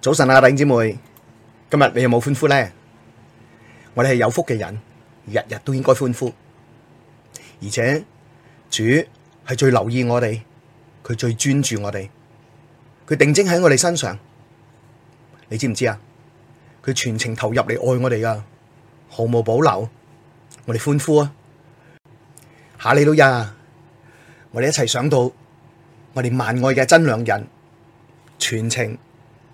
早晨啊，弟兄姊妹，今日你有冇歡呼咧？我哋係有福嘅人，日日都應該歡呼，而且主係最留意我哋，佢最專注我哋，佢定睛喺我哋身上，你知唔知啊？佢全程投入嚟愛我哋噶，毫無保留，我哋歡呼啊！哈利路亞！我哋一齊想到我哋萬愛嘅真良人，全程。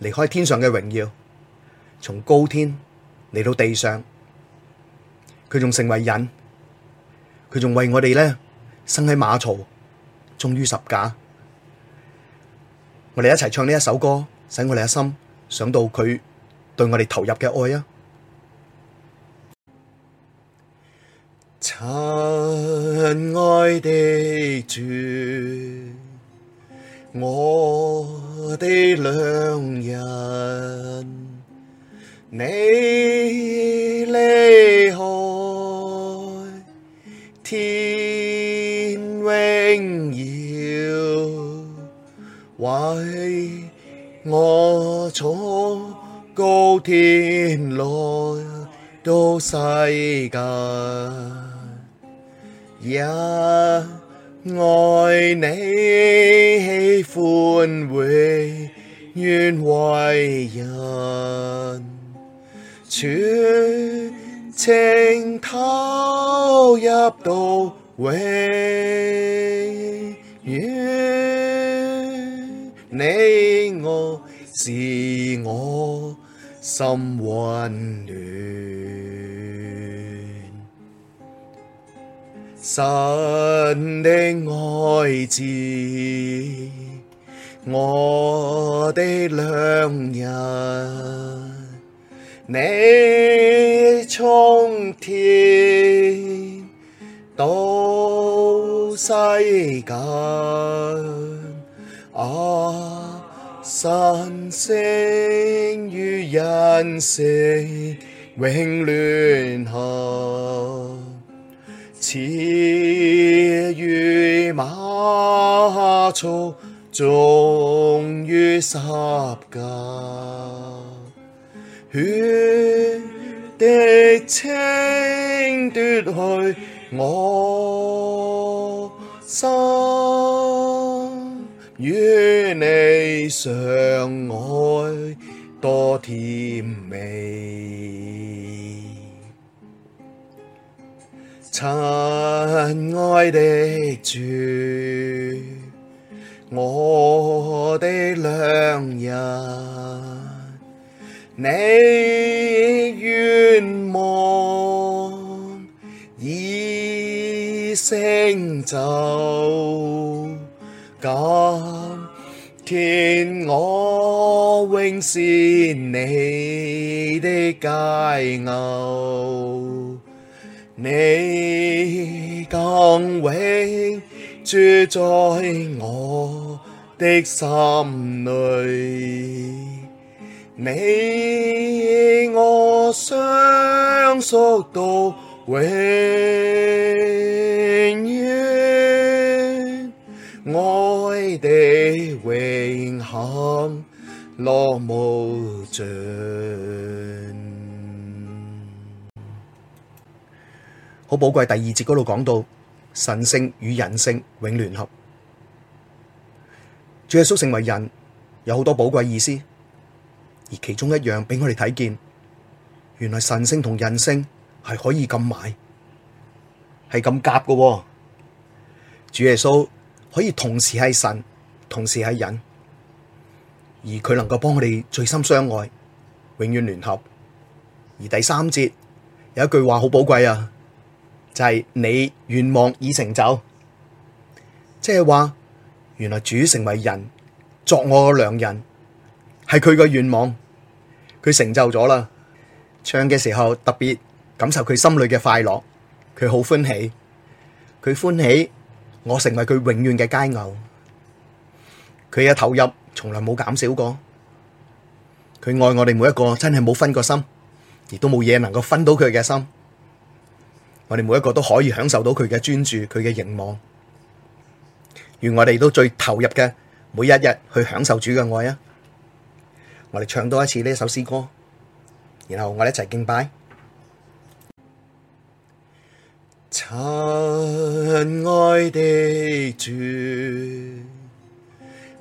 離開天上嘅榮耀，從高天嚟到地上，佢仲成為人，佢仲為我哋呢生喺馬槽，終於十架。我哋一齊唱呢一首歌，使我哋一心想到佢對我哋投入嘅愛啊！親愛嘅主。我。我的良人，你離開，天榮耀，為我從高天來到世界愛，你喜歡永遠為人，全情投入到永遠，祢愛使我心溫暖。神的愛子，我的良人，你從天到世間，阿、啊、神性與人性永聯合。始於馬槽，終於十架，血的情奪去我心，與你相愛多甜美。親愛的主，我的良人，你願望已成就，今天我永是你的佳偶。你更永住在我的心裏，你我相屬到永遠，愛的永恆樂無盡。寶貴第二節嗰度講到神性與人性永聯合，主耶穌成為人有好多寶貴意思，而其中一樣俾我哋睇見，原來神性同人性係可以咁埋，係咁夾噶。主耶穌可以同時係神，同時係人，而佢能夠幫我哋最深相愛，永遠聯合。而第三節有一句話好寶貴啊。就係祢願望已成就，即係話原來主成為人作我嘅良人，係佢個願望，佢成就咗啦。唱嘅時候特別感受佢心裏嘅快樂，佢好歡喜，佢歡喜我成為佢永遠嘅佳偶，佢嘅投入從來冇減少過，佢愛我哋每一個真係冇分過心，亦都冇嘢能夠分到佢嘅心。我哋每一個都可以享受到佢嘅專注，佢嘅凝望。願我哋都最投入嘅每一日去享受主嘅愛啊！我哋唱多一次呢首詩歌，然後我哋一齊敬拜。親愛的主，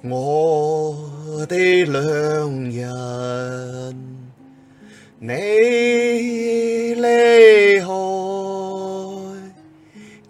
我的良人，你離開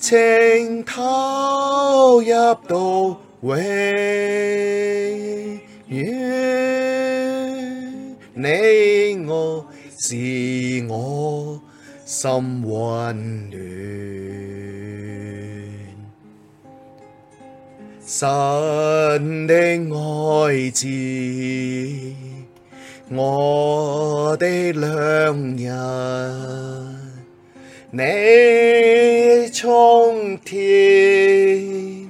情投入到永遠，你愛使我心溫暖。神的愛子，我的良人，你。從天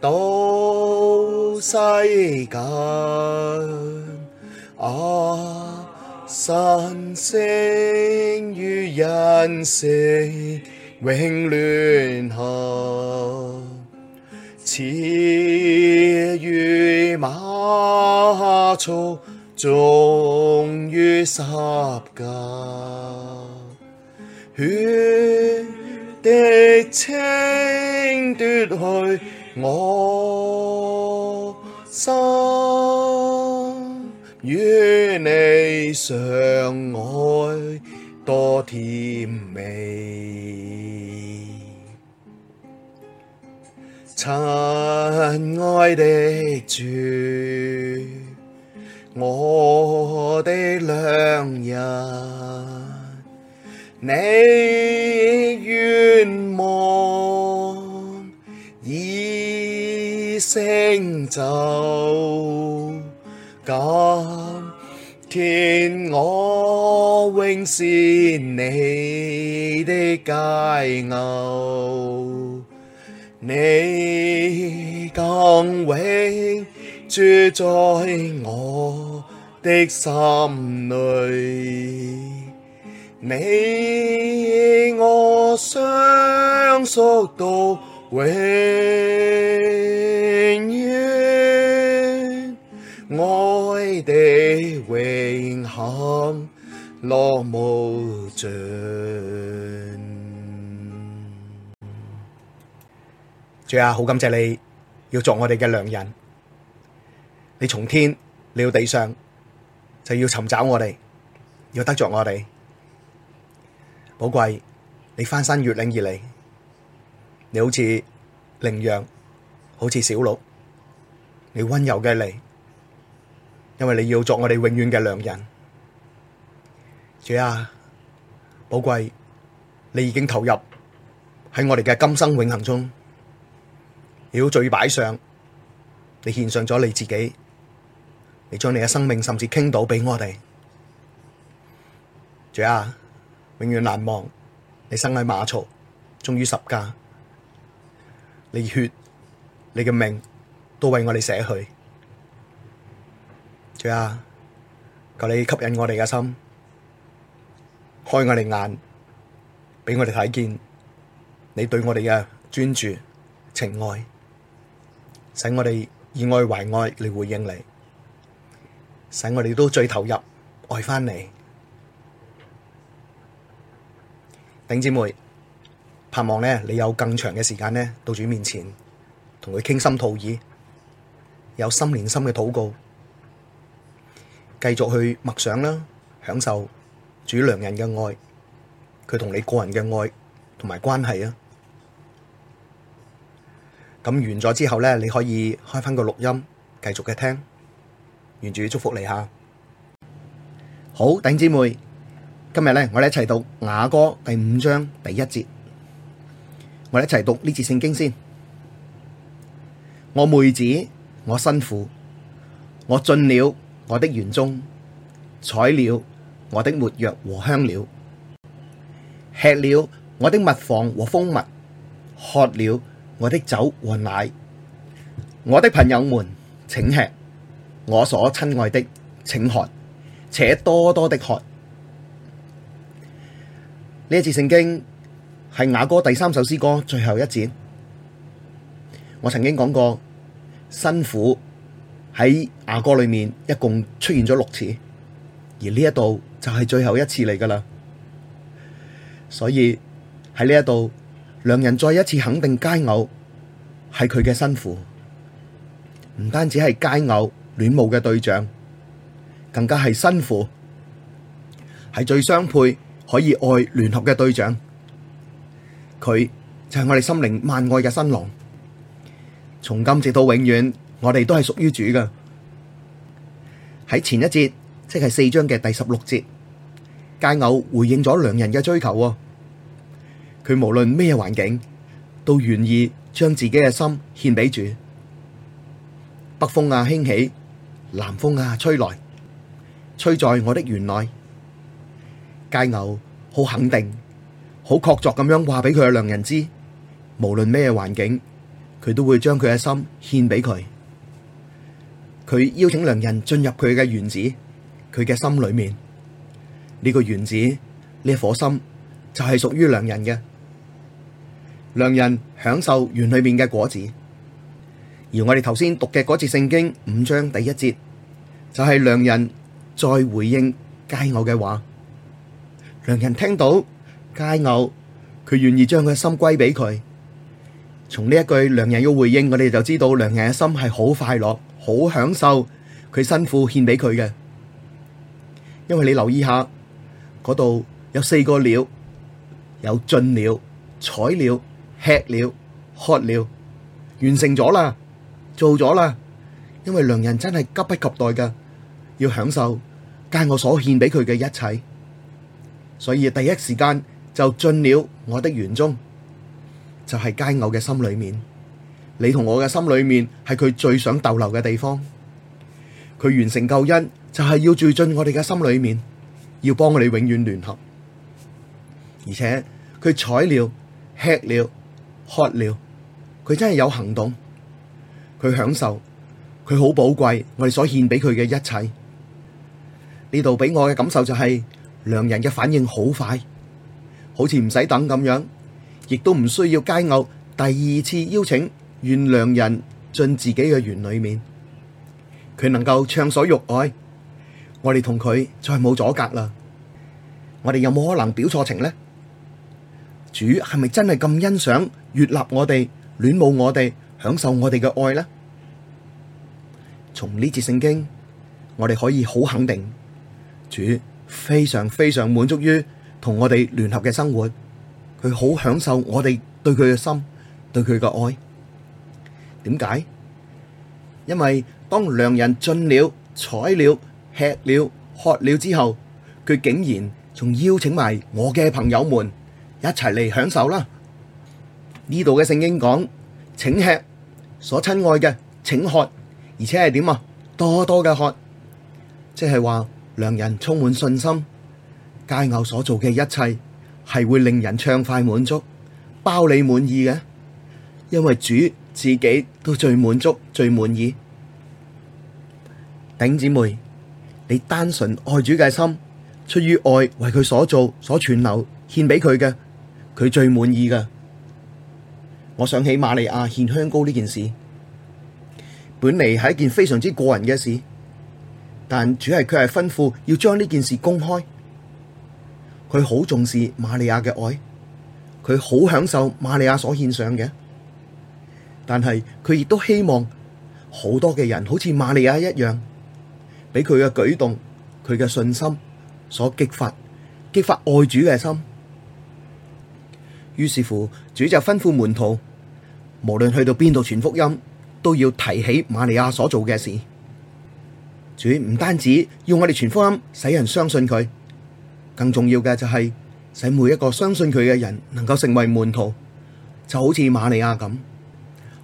到世間，啊！神性與人性永聯合，始於馬槽，終於十架。血。的情奪去我心，與你相愛多甜美，親愛的主，我的良人。你願望已成就，今天我永是你的佳偶，你更永住在我的心裡。你我相屬到永遠，愛的永恆樂無盡。主啊，好感謝你要作我哋嘅良人，你從天，你要地上，就要尋找我哋，要得着我哋。寶貴，你翻山越嶺而嚟，你好似羚羊，好似小鹿，你溫柔嘅你，因為你要作我哋永遠嘅良人。主啊，寶貴，你已經投入喺我哋嘅今生永恒中，你都最擺上，你獻上咗你自己，你將你嘅生命甚至傾倒俾我哋。主啊。永遠難忘，你生喺馬槽，終於十架，你血、你嘅命都為我哋捨去。主啊，求你吸引我哋嘅心，開我哋眼，俾我哋睇見你對我哋嘅專注情愛，使我哋以愛為愛嚟回應你，使我哋都最投入愛返你。頂姊妹，盼望咧你有更長嘅時間咧到主面前，同佢傾心吐意，有心連心嘅禱告，繼續去默想啦，享受主良人嘅愛，佢同你個人嘅愛同埋關係啊。咁完咗之後咧，你可以開翻個錄音，繼續嘅聽，願主祝福你吓。好，頂姊妹。今日咧，我哋一齊讀雅歌第五章第一節。我哋一齊讀呢節聖經先。我妹子，我新婦，我進了我的園中，採了我的沒藥和香料，吃了我的蜜房和蜂蜜，喝了我的酒和奶。我的朋友們，請吃，我所親愛的，請喝，且多多的喝。呢次聖經係雅歌第三首詩歌最後一節，我曾經講過，新婦喺雅歌裏面一共出現咗六次，而呢一度就係最後一次嚟噶啦。所以喺呢一度，良人再一次肯定佳偶係佢嘅新婦，唔單止係佳偶戀慕嘅對象，更加係新婦係最相配。可以愛聯合嘅對象，佢就係我哋心靈萬愛嘅新郎。從今直到永遠，我哋都係屬於主嘅。喺前一節，即係四章嘅第十六節，佳偶回應咗良人嘅追求喎。佢無論咩環境，都願意將自己嘅心獻俾主。北風啊，興起；南風啊，吹來，吹在我的園內。佳偶，好肯定、好確鑿咁樣話俾佢嘅良人知，無論咩環境，佢都會將佢嘅心獻俾佢。佢邀請良人進入佢嘅園子，佢嘅心裏面呢、呢個園子呢一顆心就係、是、屬於良人嘅。良人享受園裏面嘅果子，而我哋頭先讀嘅嗰節聖經五章第一節就係、是、良人再回應佳偶嘅話。良人聽到，佳偶，佢願意將佢心歸俾佢。從呢一句良人嘅回應，我哋就知道良人嘅心係好快樂、好享受佢辛苦獻俾佢嘅。因為你留意下，嗰度有四個了，有進了、採了、吃了、喝了，完成咗啦，做咗啦。因為良人真係急不及待噶，要享受佳偶我所獻俾佢嘅一切。所以第一時間就進了我的園中，就係、是、佳偶嘅心裏面。你同我嘅心裏面係佢最想逗留嘅地方。佢完成救恩就係要住進我哋嘅心裏面，要幫你永遠聯合。而且佢採了、吃了、喝了，佢真係有行動。佢享受，佢好寶貴。我哋所獻俾佢嘅一切，呢度俾我嘅感受就係、是。良人嘅反應好快，好似唔使等咁樣，亦都唔需要佳偶第二次邀請，願良人進自己嘅園裏面，佢能夠暢所欲愛，我哋同佢再冇阻隔啦。我哋有冇可能表錯情呢？主係咪真係咁欣賞悅納我哋，戀慕我哋，享受我哋嘅愛呢？從呢節聖經，我哋可以好肯定，主。非常非常滿足於同我哋聯合嘅生活，佢好享受我哋對佢嘅心，對佢嘅愛。點解？因為當良人進了、採了、吃了、喝了之後，佢竟然仲邀請埋我嘅朋友們一齊嚟享受啦。呢度嘅聖經講：請吃，所親愛嘅，請喝，而且係點啊？多多嘅喝，即係話。良人充滿信心，佳偶所做嘅一切係會令人暢快滿足，包你滿意嘅。因為主自己都最滿足、最滿意。頂姊妹，你單純愛主嘅心，出於愛為佢所做、所存留、獻俾佢嘅，佢最滿意嘅。我想起馬利亞獻香膏呢件事，本嚟係一件非常之過人嘅事。但主係佢係吩咐要將呢件事公開，佢好重視瑪利亞嘅愛，佢好享受瑪利亞所獻上嘅，但係佢亦都希望好多嘅人好似瑪利亞一樣，俾佢嘅舉動、佢嘅信心所激發，激發愛主嘅心。於是乎，主就吩咐門徒，無論去到邊度傳福音，都要提起瑪利亞所做嘅事。主唔單止要我哋傳福音，使人相信佢，更重要嘅就係使每一個相信佢嘅人能夠成為門徒，就好似瑪利亞咁，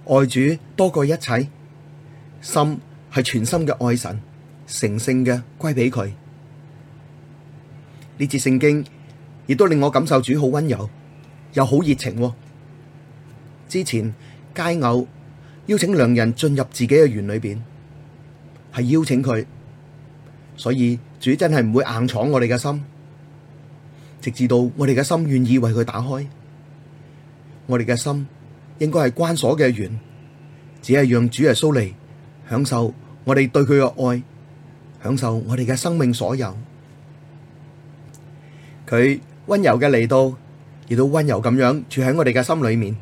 愛主多過一切，心係全心嘅愛神，成聖嘅歸俾佢。呢節聖經亦都令我感受主好溫柔，又好熱情。之前佳偶邀請良人進入自己嘅園裏邊。係邀請佢，所以主真係唔會硬闖我哋嘅心，直至到我哋嘅心願意為佢打開。我哋嘅心應該係關鎖嘅園，只係讓主耶穌嚟，享受我哋對佢嘅愛，享受我哋嘅生命所有。佢温柔嘅嚟到，亦都温柔咁樣住喺我哋嘅心裏面，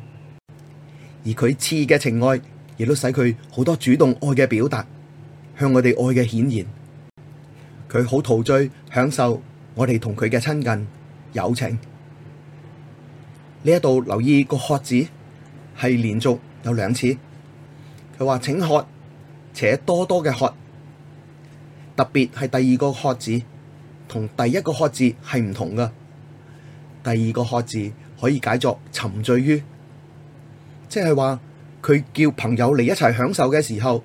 而佢熾嘅情愛，亦都使佢好多主動愛嘅表達。向我哋愛嘅顯現，佢好陶醉享受我哋同佢嘅親近友情。呢一度留意個喝字係連續有兩次，佢話請喝，且多多嘅喝，特別係第二個喝字同第一個喝字係唔同噶。第二個喝字可以解作沉醉於，即係話佢叫朋友嚟，一齊享受嘅時候。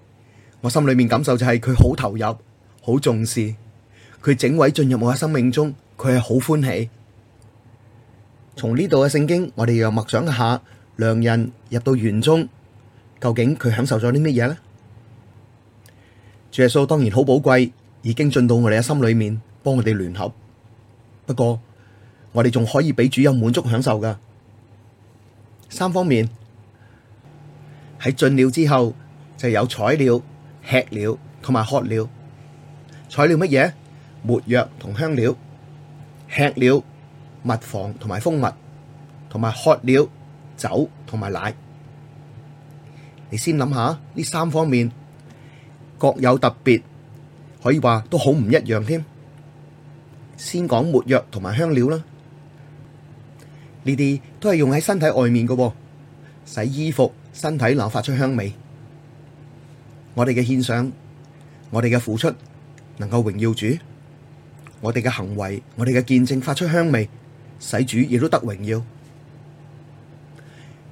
我心裏面感受就係佢好投入，好重視佢整位進入我嘅生命中，佢係好歡喜。從呢度嘅聖經，我哋又默想一下，良人入到園中，究竟佢享受咗啲乜嘢呢？主耶穌當然好寶貴，已經進到我哋嘅心裏面，幫我哋聯合。不過我哋仲可以俾主有滿足享受噶。三方面喺進了之後，就有採了。吃了同埋喝了，採了乜嘢？沒藥同香料，吃了蜜房同埋蜂蜜，同埋喝了酒同埋奶。你先諗下呢三方面各有特別，可以話都好唔一樣添。先講沒藥同埋香料啦，你哋都係用喺身體外面嘅，洗衣服、身體攞發出香味。我哋嘅獻上，我哋嘅付出，能夠榮耀主；我哋嘅行為，我哋嘅見證，發出香味，使主亦都得榮耀。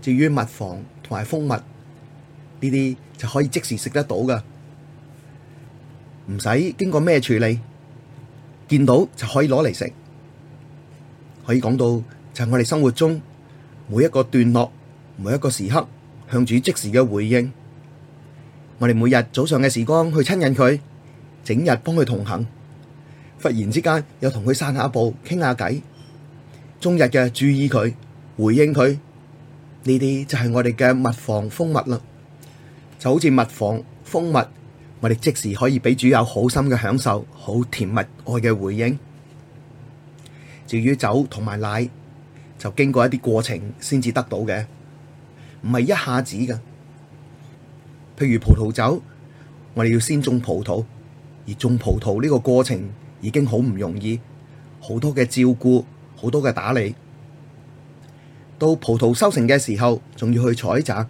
至於蜜房同埋蜂蜜呢啲，就可以即時食得到㗎，唔使經過咩處理，見到就可以攞嚟食。可以講到就係我哋生活中每一個段落、每一個時刻，向主即時嘅回應。我哋每日早上嘅時光去親近佢，整日幫佢同行，忽然之間又同佢散下步、傾下偈，終日嘅注意佢、回應佢，呢啲就係我哋嘅蜜房蜂蜜啦。就好似蜜房蜂蜜，我哋即時可以俾主有好深嘅享受、好甜蜜愛嘅回應。至於酒同埋奶，就經過一啲過程先至得到嘅，唔係一下子㗎。譬如葡萄酒，我哋要先種葡萄，而種葡萄呢個過程已經好唔容易，好多嘅照顧，好多嘅打理。到葡萄收成嘅時候，仲要去採摘，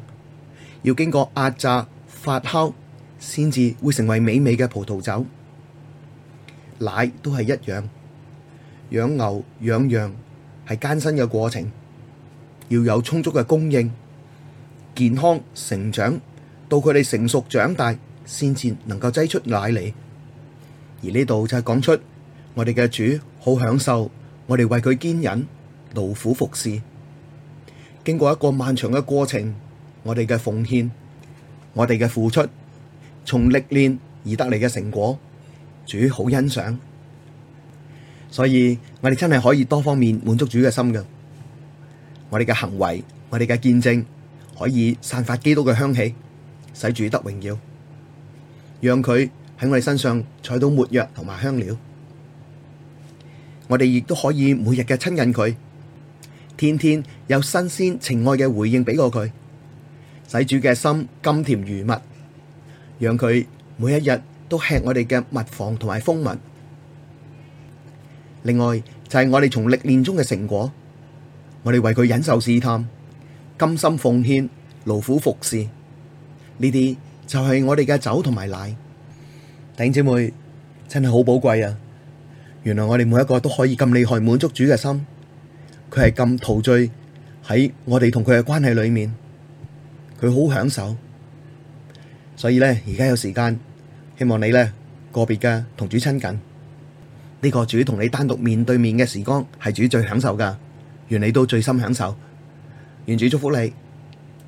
要經過壓榨、發酵，先至會成為美味嘅葡萄酒。奶都係一樣，養牛、養羊係艱辛嘅過程，要有充足嘅供應，健康成長。到佢哋成熟長大，先至能夠擠出奶嚟。而呢度就係講出我哋嘅主好享受，我哋為佢堅忍、勞苦服侍，經過一個漫長嘅過程，我哋嘅奉獻、我哋嘅付出，從歷練而得嚟嘅成果，主好欣賞。所以我哋真係可以多方面滿足主嘅心嘅。我哋嘅行為，我哋嘅見證，可以散發基督嘅香氣。使主得榮耀，讓佢喺我哋身上採到沒藥同埋香料。我哋亦都可以每日嘅親近佢，天天有新鮮情愛嘅回應俾過佢，使主嘅心甘甜如蜜，讓佢每一日都吃我哋嘅蜜房同埋蜂蜜。另外就係我哋從歷練中嘅成果，我哋為佢忍受試探，甘心奉獻，勞苦服侍。呢啲就係我哋嘅酒同埋奶，弟姐妹真係好寶貴啊！原來我哋每一個都可以咁厲害滿足主嘅心，佢係咁陶醉喺我哋同佢嘅關係裏面，佢好享受。所以咧，而家有時間，希望你咧個別嘅同主親近，呢個主同你單獨面對面嘅時光，係主最享受㗎，願你都最心享受，願主祝福你。